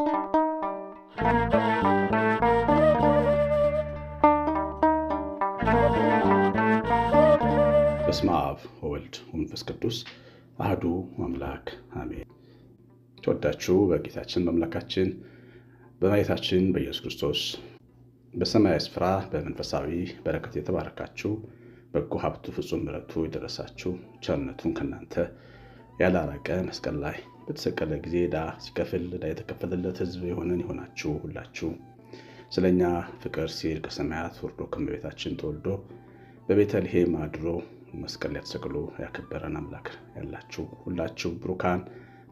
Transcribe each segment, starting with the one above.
በስመ አብ ወወልድ ወመንፈስ ቅዱስ አህዱ አምላክ አሜን። ተወዳችሁ በጌታችን በአምላካችን በማየታችን በኢየሱስ ክርስቶስ በሰማያዊ ስፍራ በመንፈሳዊ በረከት የተባረካችሁ በጎ ሀብቱ ፍጹም ምረቱ የደረሳችሁ ቸርነቱን ከእናንተ ያላረቀ መስቀል ላይ በተሰቀለ ጊዜ ዕዳ ሲከፍል ዕዳ የተከፈለለት ህዝብ የሆነን ይሆናችሁ ሁላችሁ ስለኛ ፍቅር ሲል ከሰማያት ወርዶ ከመቤታችን ተወልዶ በቤተልሔም አድሮ መስቀል ያተሰቅሎ ተሰቅሎ ያከበረን አምላክ ያላችሁ ሁላችሁ ብሩካን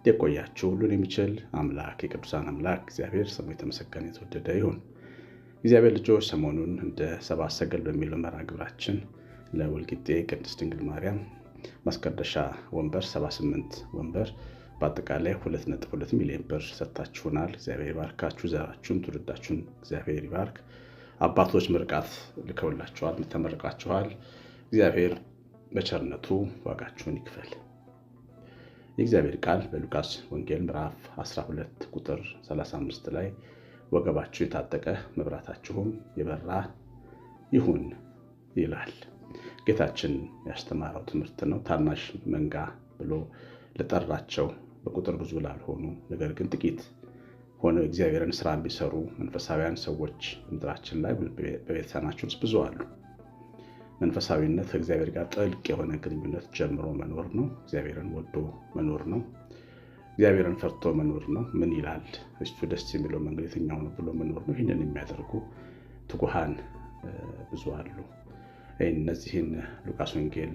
የቆያችሁ ሁሉን የሚችል አምላክ የቅዱሳን አምላክ እግዚአብሔር ስሙ የተመሰገነ የተወደደ ይሁን። እግዚአብሔር ልጆች ሰሞኑን እንደ ሰብአ ሰገል በሚለው መርሐ ግብራችን ለወልቂጤ ቅድስት ድንግል ማርያም ማስቀደሻ ወንበር 78 ወንበር በአጠቃላይ 2.2 ሚሊዮን ብር ሰጥታችሁናል። እግዚአብሔር ይባርካችሁ። ዘራችሁን፣ ትውልዳችሁን እግዚአብሔር ይባርክ። አባቶች ምርቃት ልከውላችኋል፣ ተመርቃችኋል። እግዚአብሔር በቸርነቱ ዋጋችሁን ይክፈል። የእግዚአብሔር ቃል በሉቃስ ወንጌል ምዕራፍ 12 ቁጥር 35 ላይ ወገባችሁ የታጠቀ መብራታችሁም የበራ ይሁን ይላል። ጌታችን ያስተማረው ትምህርት ነው። ታናሽ መንጋ ብሎ ለጠራቸው በቁጥር ብዙ ላልሆኑ ነገር ግን ጥቂት ሆነው እግዚአብሔርን ስራ የሚሰሩ መንፈሳዊያን ሰዎች ምድራችን ላይ በቤተሰናችን ውስጥ ብዙ አሉ። መንፈሳዊነት ከእግዚአብሔር ጋር ጥልቅ የሆነ ግንኙነት ጀምሮ መኖር ነው። እግዚአብሔርን ወዶ መኖር ነው። እግዚአብሔርን ፈርቶ መኖር ነው። ምን ይላል እሱ ደስ የሚለው መንገድ የትኛው ነው ብሎ መኖር ነው። ይህንን የሚያደርጉ ትጉሃን ብዙ አሉ። እነዚህን ሉቃስ ወንጌል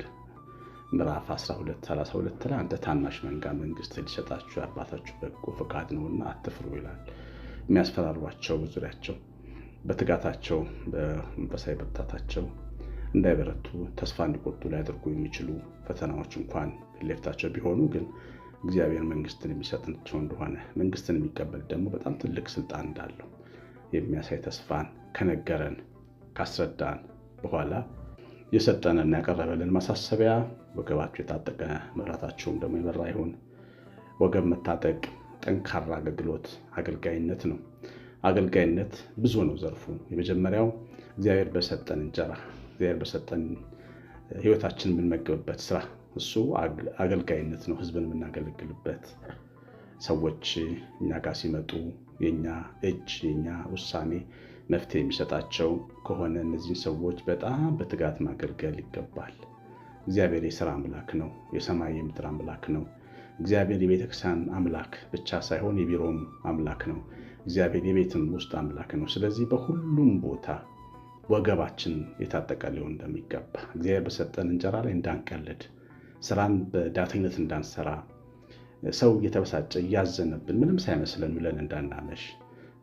ምዕራፍ 12 32 ላይ አንተ ታናሽ መንጋ መንግስት ሊሰጣችሁ አባታችሁ በጎ ፈቃድ ነውና አትፍሩ ይላል። የሚያስፈራሯቸው በዙሪያቸው በትጋታቸው በመንፈሳዊ ብርታታቸው እንዳይበረቱ ተስፋ እንዲቆርጡ ሊያደርጉ የሚችሉ ፈተናዎች እንኳን ሌፍታቸው ቢሆኑ ግን እግዚአብሔር መንግስትን የሚሰጥቸው እንደሆነ መንግስትን የሚቀበል ደግሞ በጣም ትልቅ ስልጣን እንዳለው የሚያሳይ ተስፋን ከነገረን ካስረዳን በኋላ የሰጠንና ያቀረበልን ማሳሰቢያ ወገባችሁ የታጠቀ መብራታችሁም ደግሞ የበራ ይሁን። ወገብ መታጠቅ ጠንካራ አገልግሎት አገልጋይነት ነው። አገልጋይነት ብዙ ነው ዘርፉ። የመጀመሪያው እግዚአብሔር በሰጠን እንጀራ፣ እግዚአብሔር በሰጠን ህይወታችን የምንመገብበት ስራ እሱ አገልጋይነት ነው። ህዝብን የምናገለግልበት ሰዎች እኛ ጋር ሲመጡ የኛ እጅ የኛ ውሳኔ መፍትሄ የሚሰጣቸው ከሆነ እነዚህን ሰዎች በጣም በትጋት ማገልገል ይገባል። እግዚአብሔር የስራ አምላክ ነው። የሰማይ የምድር አምላክ ነው። እግዚአብሔር የቤተክርስቲያን አምላክ ብቻ ሳይሆን የቢሮም አምላክ ነው። እግዚአብሔር የቤትም ውስጥ አምላክ ነው። ስለዚህ በሁሉም ቦታ ወገባችን የታጠቀ ሊሆን እንደሚገባ እግዚአብሔር በሰጠን እንጀራ ላይ እንዳንቀልድ፣ ስራን በዳተኝነት እንዳንሰራ፣ ሰው እየተበሳጨ እያዘነብን ምንም ሳይመስለን ብለን እንዳናመሽ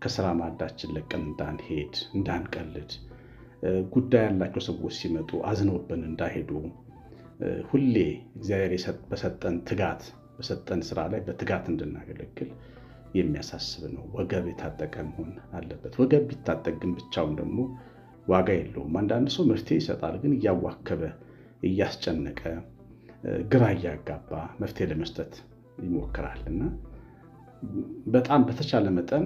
ከስራ ማዳችን ለቀን እንዳንሄድ እንዳንቀልድ፣ ጉዳይ ያላቸው ሰዎች ሲመጡ አዝነውብን እንዳይሄዱ ሁሌ እግዚአብሔር በሰጠን ትጋት በሰጠን ስራ ላይ በትጋት እንድናገለግል የሚያሳስብ ነው። ወገብ የታጠቀ መሆን አለበት። ወገብ ቢታጠቅ ግን ብቻውን ደግሞ ዋጋ የለውም። አንዳንድ ሰው መፍትሄ ይሰጣል፣ ግን እያዋከበ እያስጨነቀ ግራ እያጋባ መፍትሄ ለመስጠት ይሞክራል እና በጣም በተቻለ መጠን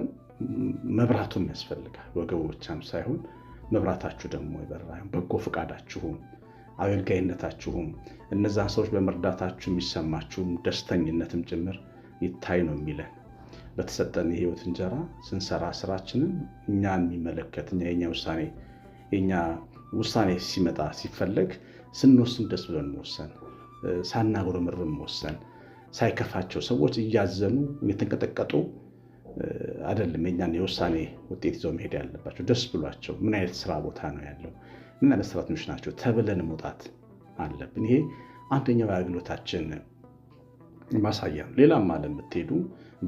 መብራቱም ያስፈልጋል። ወገቡ ብቻም ሳይሆን መብራታችሁ ደግሞ ይበራ በጎ ፈቃዳችሁም አገልጋይነታችሁም እነዛን ሰዎች በመርዳታችሁ የሚሰማችሁም ደስተኝነትም ጭምር ይታይ ነው የሚለን። በተሰጠን የህይወት እንጀራ ስንሰራ ስራችንን እኛ የሚመለከት እኛ የኛ ውሳኔ የኛ ውሳኔ ሲመጣ ሲፈለግ ስንወስን ደስ ብለን መወሰን፣ ሳናጉረመርም መወሰን ሳይከፋቸው ሰዎች እያዘኑ እየተንቀጠቀጡ አይደለም የኛን የውሳኔ ውጤት ይዘው መሄድ ያለባቸው። ደስ ብሏቸው ምን አይነት ስራ ቦታ ነው ያለው፣ ምን አይነት ሰራተኞች ናቸው ተብለን መውጣት አለብን። ይሄ አንደኛው የአገልግሎታችን ማሳያ ነው። ሌላም አለ የምትሄዱ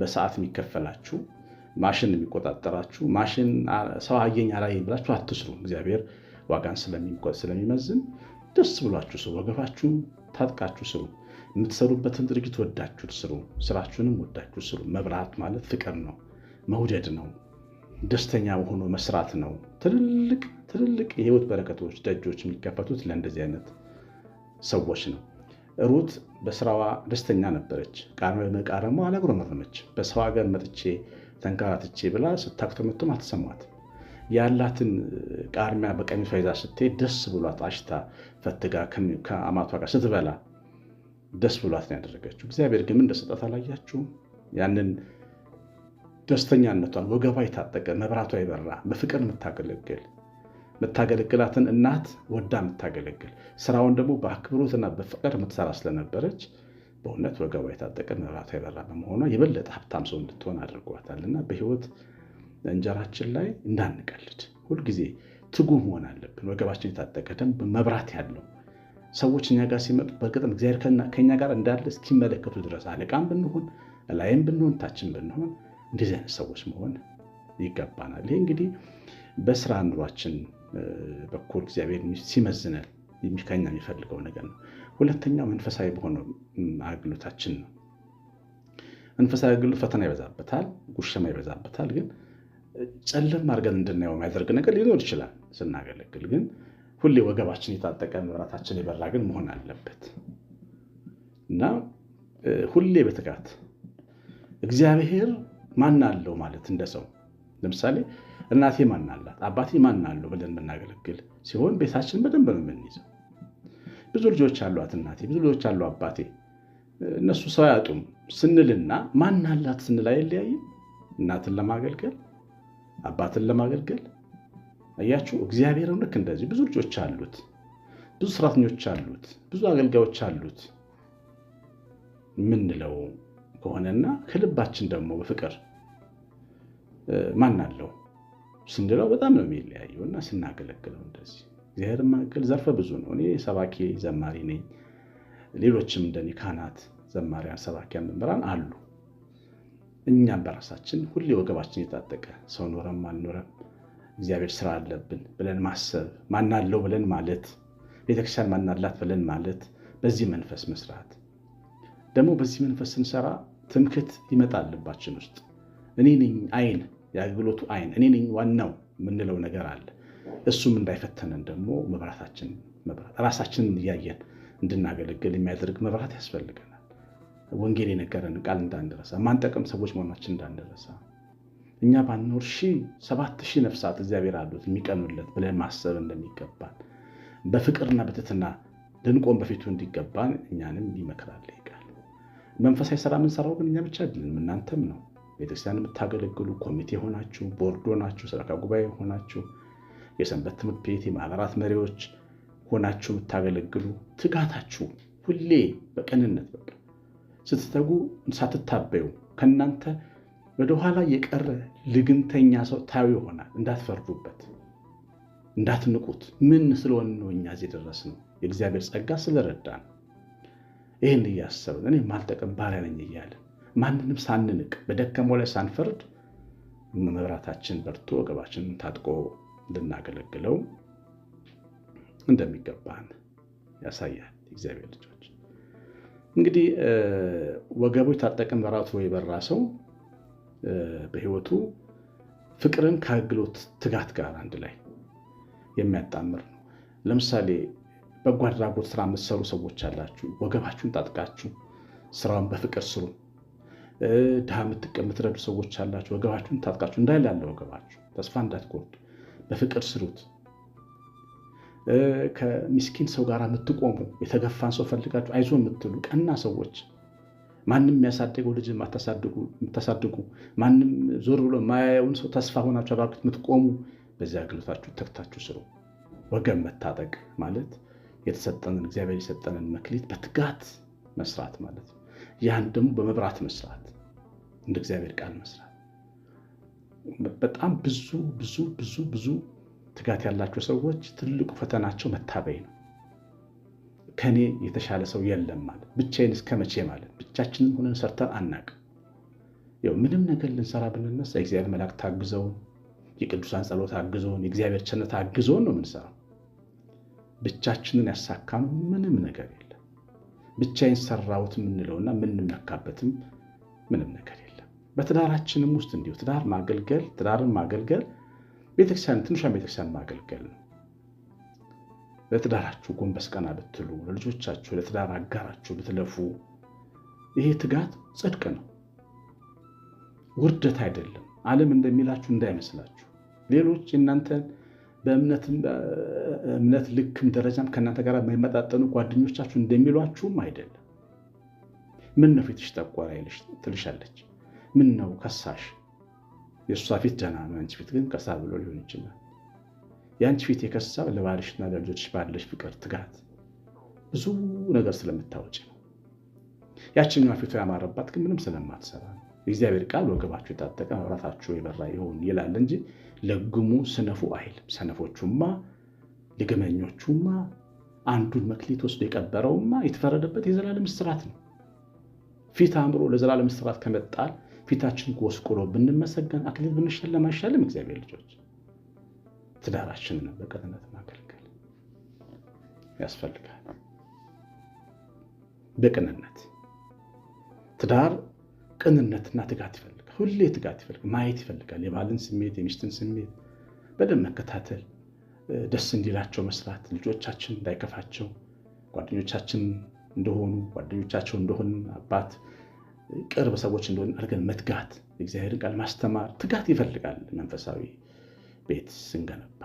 በሰዓት የሚከፈላችሁ ማሽን የሚቆጣጠራችሁ ማሽን ሰው አየኝ አላየኝ ብላችሁ አትስሩ። እግዚአብሔር ዋጋን ስለሚመዝን ደስ ብሏችሁ ስሩ። ወገባችሁ ታጥቃችሁ ስሩ። የምትሰሩበትን ድርጊት ወዳችሁ ስሩ። ስራችሁንም ወዳችሁ ስሩ። መብራት ማለት ፍቅር ነው፣ መውደድ ነው፣ ደስተኛ ሆኖ መስራት ነው። ትልልቅ ትልልቅ የህይወት በረከቶች ደጆች የሚከፈቱት ለእንደዚህ አይነት ሰዎች ነው። ሩት በስራዋ ደስተኛ ነበረች። ቃል በመቃረሟ አላጉረመረመች። በሰው ሀገር መጥቼ ተንከራትቼ ብላ ስታክተመትም አትሰማት። ያላትን ቃርሚያ በቀሚሷ ይዛ ስትሄድ ደስ ብሏት አሽታ ፈትጋ ከአማቷ ጋር ስትበላ ደስ ብሏት ነው ያደረገችው። እግዚአብሔር ግን እንደሰጣት አላያችሁም? ያንን ደስተኛነቷን ወገቧ የታጠቀ መብራቷ የበራ በፍቅር የምታገለግል የምታገለግላትን እናት ወዳ የምታገለግል ስራውን ደግሞ በአክብሮትና በፍቅር የምትሰራ ስለነበረች በእውነት ወገቧ የታጠቀ መብራቷ የበራ በመሆኗ የበለጠ ሀብታም ሰው እንድትሆን አድርጓታልና በህይወት እንጀራችን ላይ እንዳንቀልድ ሁልጊዜ ትጉ መሆን አለብን። ወገባችን የታጠቀ ደንብ መብራት ያለው ሰዎች እኛ ጋር ሲመጡ በእርግጥም እግዚአብሔር ከኛ ጋር እንዳለ እስኪመለከቱ ድረስ አለቃም ብንሆን ላይም ብንሆን ታችን ብንሆን እንደዚህ አይነት ሰዎች መሆን ይገባናል። ይህ እንግዲህ በስራ ኑሯችን በኩል እግዚአብሔር ሲመዝነል ከኛ የሚፈልገው ነገር ነው። ሁለተኛው መንፈሳዊ በሆነ አገልግሎታችን ነው። መንፈሳዊ አገልግሎት ፈተና ይበዛበታል፣ ጉሸማ ይበዛበታል። ግን ጨለም አድርገን እንድናየው የሚያደርግ ነገር ሊኖር ይችላል። ስናገለግል ግን ሁሌ ወገባችን የታጠቀ መብራታችን የበራ ግን መሆን አለበት እና ሁሌ በትጋት እግዚአብሔር ማን አለው ማለት እንደ ሰው ለምሳሌ እናቴ ማን አላት አባቴ ማን አለው ብለን የምናገለግል ሲሆን ቤታችን በደንብ ነው የምንይዘው። ብዙ ልጆች አሏት እናቴ፣ ብዙ ልጆች አሉ አባቴ፣ እነሱ ሰው አያጡም ስንልና ማን አላት ስንል አይለያይም። እናትን ለማገልገል አባትን ለማገልገል አያችሁ፣ እግዚአብሔርም ልክ እንደዚህ ብዙ ልጆች አሉት፣ ብዙ ሰራተኞች አሉት፣ ብዙ አገልጋዮች አሉት የምንለው ከሆነና ከልባችን ደግሞ በፍቅር ማን አለው ስንለው በጣም ነው የሚለያየው እና ስናገለግለው እንደዚህ እግዚአብሔር ማገል ዘርፈ ብዙ ነው። እኔ ሰባኪ ዘማሪ ነኝ። ሌሎችም እንደኔ ካህናት፣ ዘማሪያን፣ ሰባኪያን፣ መምህራን አሉ። እኛም በራሳችን ሁሌ ወገባችን የታጠቀ ሰው ኖረም አልኖረም እግዚአብሔር ስራ አለብን ብለን ማሰብ፣ ማናለው ብለን ማለት፣ ቤተክርስቲያን ማናላት ብለን ማለት፣ በዚህ መንፈስ መስራት ደግሞ በዚህ መንፈስ ስንሰራ ትምክት ይመጣል ልባችን ውስጥ። እኔ ነኝ አይን፣ የአገልግሎቱ አይን እኔ ነኝ ዋናው የምንለው ነገር አለ። እሱም እንዳይፈተነን ደግሞ መብራታችን መብራት ራሳችንን እያየን እንድናገለግል የሚያደርግ መብራት ያስፈልገናል። ወንጌል የነገረን ቃል እንዳንረሳ፣ ማንጠቅም ሰዎች መሆናችን እንዳንረሳ እኛ ባንኖር ሺህ ሰባት ሺህ ነፍሳት እግዚአብሔር አሉት የሚቀኑለት ብለን ማሰብ እንደሚገባን በፍቅርና በትትና ልንቆም በፊቱ እንዲገባን እኛንም ይመክራል ይቃል። መንፈሳዊ ስራ የምንሰራው ግን እኛ ብቻ አይደለም፣ እናንተም ነው። ቤተክርስቲያን የምታገለግሉ ኮሚቴ ሆናችሁ፣ ቦርዶ ናችሁ፣ ሰበካ ጉባኤ ሆናችሁ፣ የሰንበት ትምህርት ቤት የማህበራት መሪዎች ሆናችሁ የምታገለግሉ ትጋታችሁ ሁሌ በቅንነት በቃ ስትተጉ ሳትታበዩ ከእናንተ ወደኋላ የቀረ ልግምተኛ ሰው ታዩ ይሆናል። እንዳትፈርዱበት፣ እንዳትንቁት። ምን ስለሆን ነው እኛ እዚህ ነው የእግዚአብሔር ጸጋ ስለረዳን ይህን እያሰብን እኔ ማልጠቅም ባሪያ ነኝ እያለን ማንንም ሳንንቅ በደከመው ላይ ሳንፈርድ መብራታችን በርቶ ወገባችንን ታጥቆ ልናገለግለው እንደሚገባን ያሳያል። እግዚአብሔር ልጆች እንግዲህ ወገቡ የታጠቀ መብራቱ የበራ ሰው በህይወቱ ፍቅርን ከአገልግሎት ትጋት ጋር አንድ ላይ የሚያጣምር ነው። ለምሳሌ በጎ አድራጎት ስራ የምትሰሩ ሰዎች አላችሁ። ወገባችሁን ታጥቃችሁ ስራውን በፍቅር ስሩ። ድሃ የምትረዱ ሰዎች አላችሁ። ወገባችሁን ታጥቃችሁ እንዳይላለ ወገባችሁ ተስፋ እንዳትቆርጡ በፍቅር ስሩት። ከሚስኪን ሰው ጋር የምትቆሙ የተገፋን ሰው ፈልጋችሁ አይዞ የምትሉ ቀና ሰዎች ማንም የሚያሳደገው ልጅ የምታሳድጉ፣ ማንም ዞር ብሎ ማያየውን ሰው ተስፋ ሆናችሁ አባክት የምትቆሙ በዚህ አገልግሎታችሁ ተክታችሁ ስሩ። ወገን መታጠቅ ማለት የተሰጠንን እግዚአብሔር የሰጠንን መክሊት በትጋት መስራት ማለት ነው። ያን ደግሞ በመብራት መስራት፣ እንደ እግዚአብሔር ቃል መስራት። በጣም ብዙ ብዙ ብዙ ብዙ ትጋት ያላቸው ሰዎች ትልቁ ፈተናቸው መታበይ ነው። ከኔ የተሻለ ሰው የለም ማለት ብቻዬን እስከ መቼ ማለት ብቻችንን ሆነን ሰርተን አናቅ። ምንም ነገር ልንሰራ ብንነሳ የእግዚአብሔር መልአክ ታግዘውን፣ የቅዱሳን ጸሎት አግዘውን፣ የእግዚአብሔር ቸነት አግዘውን ነው የምንሰራው። ብቻችንን ያሳካም ምንም ነገር የለም። ብቻዬን ሰራሁት የምንለውና የምንመካበትም ምንም ነገር የለም። በትዳራችንም ውስጥ እንዲሁ ትዳር ማገልገል ትዳርን ማገልገል ቤተክርስቲያን ትንሿን ቤተክርስቲያን ማገልገል ነው። ለትዳራችሁ ጎንበስ ቀና ብትሉ፣ ለልጆቻችሁ ለትዳር አጋራችሁ ብትለፉ፣ ይሄ ትጋት ጽድቅ ነው፣ ውርደት አይደለም። ዓለም እንደሚላችሁ እንዳይመስላችሁ። ሌሎች እናንተን በእምነት ልክም ደረጃም ከእናንተ ጋር የማይመጣጠኑ ጓደኞቻችሁ እንደሚሏችሁም አይደለም። ምን ነው ፊትሽ ጠቆረ ትልሻለች። ምን ነው ከሳሽ? የእሷ ፊት ደህና ነው፣ አንቺ ፊት ግን ከሳ ብሎ ሊሆን ይችላል። ያንቺ ፊት የከሳው ለባልሽና ለልጆች ባለሽ ፍቅር፣ ትጋት፣ ብዙ ነገር ስለምታወጭ ነው። ያችኛዋ ፊቷ ያማረባት ግን ምንም ስለማትሰራ የእግዚአብሔር ቃል ወገባችሁ የታጠቀ መብራታችሁ የበራ ይሆን ይላል እንጂ ለግሙ ስነፉ አይልም። ሰነፎቹማ ልግመኞቹማ አንዱን መክሊት ወስዶ የቀበረውማ የተፈረደበት የዘላለም እስራት ነው። ፊት አምሮ ለዘላለም እስራት ከመጣል ፊታችን ጎስቁሎ ብንመሰገን አክሊት ብንሸለም አይሻልም? እግዚአብሔር ልጆች ትዳራችንን በቅንነት ማገልገል ያስፈልጋል። በቅንነት ትዳር ቅንነትና ትጋት ይፈልጋል። ሁሌ ትጋት ይፈልጋል። ማየት ይፈልጋል። የባልን ስሜት የሚስትን ስሜት በደንብ መከታተል፣ ደስ እንዲላቸው መስራት፣ ልጆቻችን እንዳይከፋቸው፣ ጓደኞቻችን እንደሆኑ ጓደኞቻቸው እንደሆን አባት ቅርብ ሰዎች እንደሆን አድርገን መትጋት፣ የእግዚአብሔርን ቃል ማስተማር ትጋት ይፈልጋል መንፈሳዊ ቤት ስንገነባ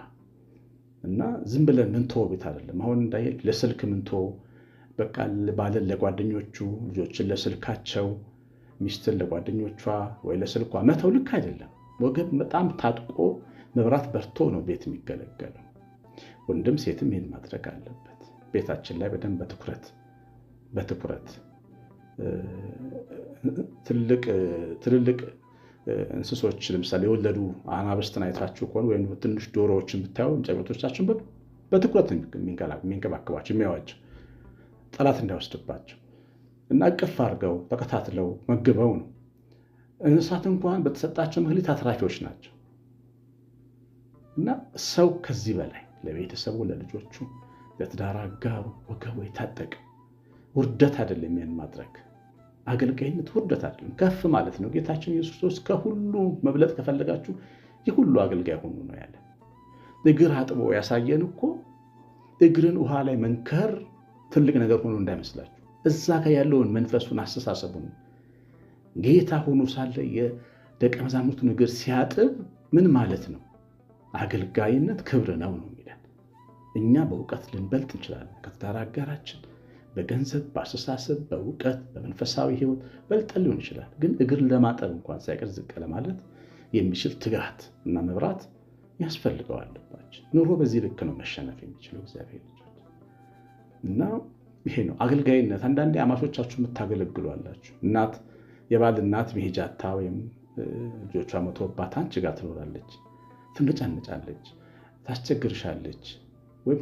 እና ዝም ብለን ምንቶ ቤት አይደለም። አሁን እንዳይል ለስልክ ምንቶ በቃ ባልን ለጓደኞቹ፣ ልጆችን ለስልካቸው፣ ሚስትን ለጓደኞቿ ወይ ለስልኳ መተው ልክ አይደለም። ወገብ በጣም ታጥቆ መብራት በርቶ ነው ቤት የሚገለገለው። ወንድም ሴትም ይህን ማድረግ አለበት። ቤታችን ላይ በደንብ በትኩረት በትኩረት ትልልቅ እንስሶች ለምሳሌ የወለዱ አናብስትን አይታችሁ ከሆነ ወይም ትንሽ ዶሮዎችን ብታዩ ጨቤቶቻችን በትኩረት የሚንከባከቧቸው የሚያዋቸው ጠላት እንዳይወስድባቸው እና እቅፍ አድርገው ተከታትለው መግበው ነው። እንስሳት እንኳን በተሰጣቸው ምክሊት አትራፊዎች ናቸው እና ሰው ከዚህ በላይ ለቤተሰቡ፣ ለልጆቹ፣ ለትዳር አጋሩ ወገቡ የታጠቀ ውርደት አይደለም ይህን ማድረግ አገልጋይነት ውርደት አይደለም፣ ከፍ ማለት ነው። ጌታችን ኢየሱስ ክርስቶስ ከሁሉ መብለጥ ከፈለጋችሁ የሁሉ አገልጋይ ሆኑ ነው ያለ። እግር አጥቦ ያሳየን እኮ እግርን ውሃ ላይ መንከር ትልቅ ነገር ሆኖ እንዳይመስላችሁ። እዛ ጋር ያለውን መንፈሱን፣ አስተሳሰቡን ጌታ ሆኖ ሳለ የደቀ መዛሙርቱን እግር ሲያጥብ ምን ማለት ነው? አገልጋይነት ክብር ነው ነው የሚለን። እኛ በእውቀት ልንበልጥ እንችላለን አጋራችን በገንዘብ፣ በአስተሳሰብ፣ በእውቀት፣ በመንፈሳዊ ህይወት በልጠን ሊሆን ይችላል። ግን እግር ለማጠብ እንኳን ሳይቀር ዝቅ ለማለት የሚችል ትጋት እና መብራት ያስፈልገዋል ልባችን። ኑሮ በዚህ ልክ ነው መሸነፍ የሚችለው እግዚአብሔር ልጆች እና ይሄ ነው አገልጋይነት። አንዳንዴ አማቾቻችሁ አላችሁ። እናት የባል እናት ወይም ልጆቿ መቶባት አንቺ ጋር ትኖራለች፣ ትነጫነጫለች፣ ታስቸግርሻለች ወይም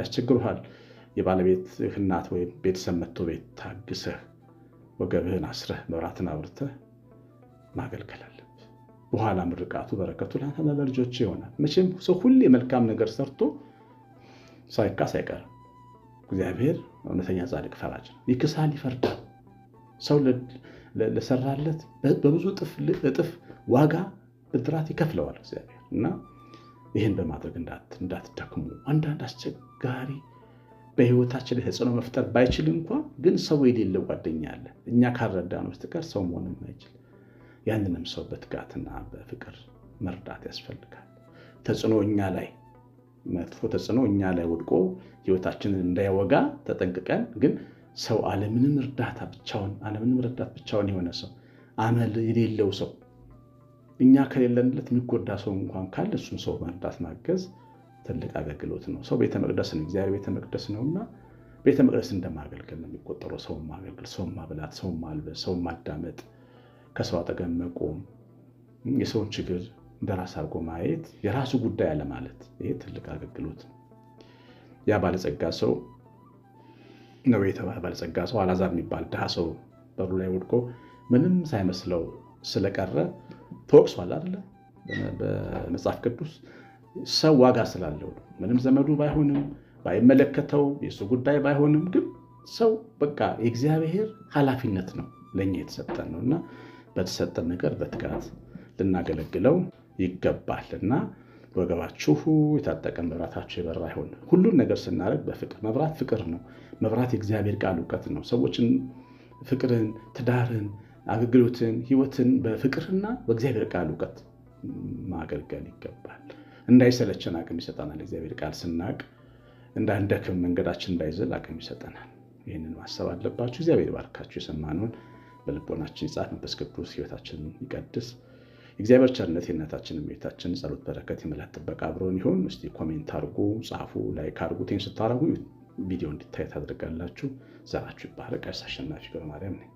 ያስቸግሩሃል የባለቤት እናት ወይም ቤተሰብ መጥቶ ቤት ታግሰህ ወገብህን አስረህ መብራትን አብርተህ ማገልገል አለብህ። በኋላ ምርቃቱ በረከቱ ለአንተና ለልጆች ይሆናል። መቼም ሰው ሁሌ መልካም ነገር ሰርቶ ሳይካስ አይቀርም። እግዚአብሔር እውነተኛ ጻድቅ ፈራጅ ነው፣ ይክሳል፣ ይፈርዳል። ሰው ለሰራለት በብዙ እጥፍ ዋጋ ብድራት ይከፍለዋል እግዚአብሔር እና ይህን በማድረግ እንዳትደክሙ አንዳንድ አስቸጋሪ በህይወታችን ላይ ተጽዕኖ መፍጠር ባይችል እንኳ ግን ሰው የሌለው ጓደኛ አለ። እኛ ካልረዳን በስተቀር ሰው መሆን የማይችል ያንንም ሰው በትጋትና በፍቅር መርዳት ያስፈልጋል። ተጽዕኖ እኛ ላይ መጥፎ ተጽዕኖ እኛ ላይ ወድቆ ህይወታችንን እንዳይወጋ ተጠንቅቀን ግን ሰው አለምንም እርዳታ ብቻውን አለምንም እርዳት ብቻውን የሆነ ሰው አመል የሌለው ሰው እኛ ከሌለንለት የሚጎዳ ሰው እንኳን ካለ እሱን ሰው መርዳት ማገዝ ትልቅ አገልግሎት ነው። ሰው ቤተ መቅደስ ነው፣ እግዚአብሔር ቤተ መቅደስ ነው እና ቤተ መቅደስ እንደማገልገል ነው የሚቆጠረው። ሰው ማገልገል፣ ሰው ማብላት፣ ሰው ማልበስ፣ ሰው ማዳመጥ፣ ከሰው አጠገብ መቆም፣ የሰውን ችግር እንደራስ አድርጎ ማየት፣ የራሱ ጉዳይ አለማለት፣ ይሄ ትልቅ አገልግሎት ነው። ያ ባለጸጋ ሰው ነው የተባለ ባለጸጋ ሰው አላዛር የሚባል ድሃ ሰው በሩ ላይ ወድቆ ምንም ሳይመስለው ስለቀረ ተወቅሷል አይደለ በመጽሐፍ ቅዱስ ሰው ዋጋ ስላለው ነው። ምንም ዘመዱ ባይሆንም ባይመለከተው የእሱ ጉዳይ ባይሆንም ግን ሰው በቃ የእግዚአብሔር ኃላፊነት ነው ለእኛ የተሰጠን ነው እና በተሰጠን ነገር በትጋት ልናገለግለው ይገባል እና ወገባችሁ የታጠቀ መብራታችሁ የበራ ይሆን። ሁሉን ነገር ስናደርግ በፍቅር መብራት ፍቅር ነው። መብራት የእግዚአብሔር ቃል እውቀት ነው። ሰዎችን ፍቅርን፣ ትዳርን፣ አገልግሎትን፣ ህይወትን በፍቅርና በእግዚአብሔር ቃል እውቀት ማገልገል ይገባል። እንዳይሰለችን አቅም ይሰጠናል። እግዚአብሔር ቃል ስናቅ እንዳንደክም መንገዳችን እንዳይዘል አቅም ይሰጠናል። ይህንን ማሰብ አለባችሁ። እግዚአብሔር ባርካችሁ። የሰማነውን በልቦናችን ይጻፍ፣ መንፈስ ቅዱስ ህይወታችን ይቀድስ። እግዚአብሔር ቸርነት የእናታችን ቤታችን ጸሎት፣ በረከት፣ የመላት ጥበቃ አብሮን ይሁን። እስቲ ኮሜንት አድርጉ፣ ጻፉ፣ ላይክ አድርጉ። ቴን ስታረጉ ቪዲዮ እንዲታይ ታደርጋላችሁ። ዘራችሁ ይባረክ። ቀሲስ አሸናፊ ገብረማርያም ነኝ።